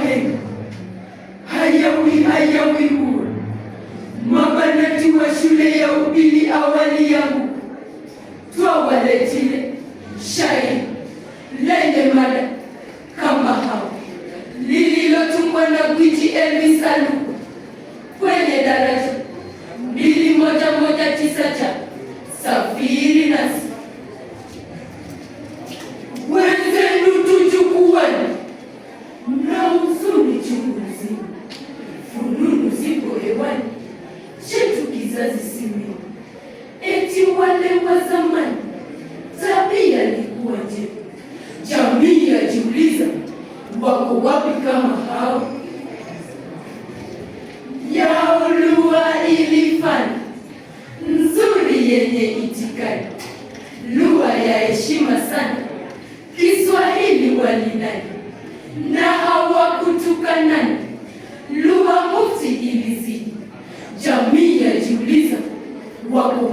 wake hayawihayawiu mabanati wa shule ya upili awali yangu twawaletie shai lenye mada hao yaolua ilifanya nzuri yenye itikadi lugha ya heshima sana Kiswahili walinani na hawakutukanani lugha mufti ilizidi jamii yajiuliza wako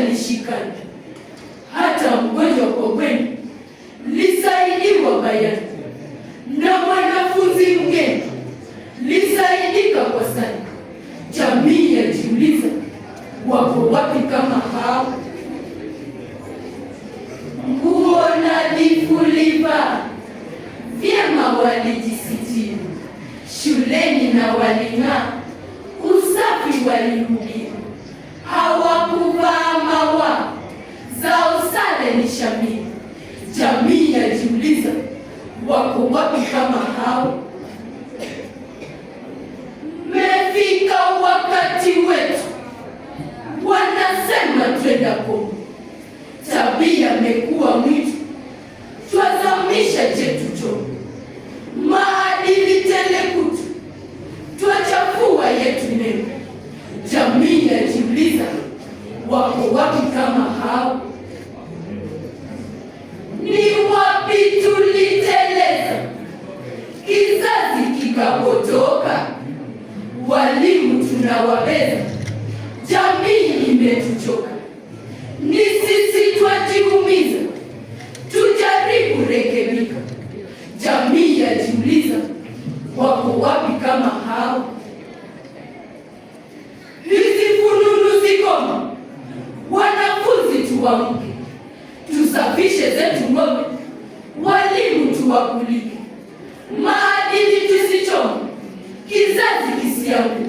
mtanishikana, hata mgonjwa kwa kwenu lisaidiwa bayani, na mwanafunzi mgeni lisaidika kwa sana. Jamii yajiuliza wako wapi kama hao? Nguo na vifuliva vyema, walijisitiri shuleni na waling'aa, usafi walimgi kuuliza wako wapi kama hao? Mefika wakati wetu, wanasema twenda Kongo. Tabia mekuwa mwitu, twazamisha chetu chongo, maadili tele kutu, twachafua yetu neno. Jamii yajiuliza wako wapi kama hao? tumeokoka, walimu tunawabeza, jamii imetuchoka. Ni sisi twajiumiza, tujaribu rekebika. Jamii yajiuliza, wako wapi kama hao? Hizi fununu zikoma, wanafunzi tuwamke, tusafishe zetu ng'ombe, walimu tuwakulike Grazie.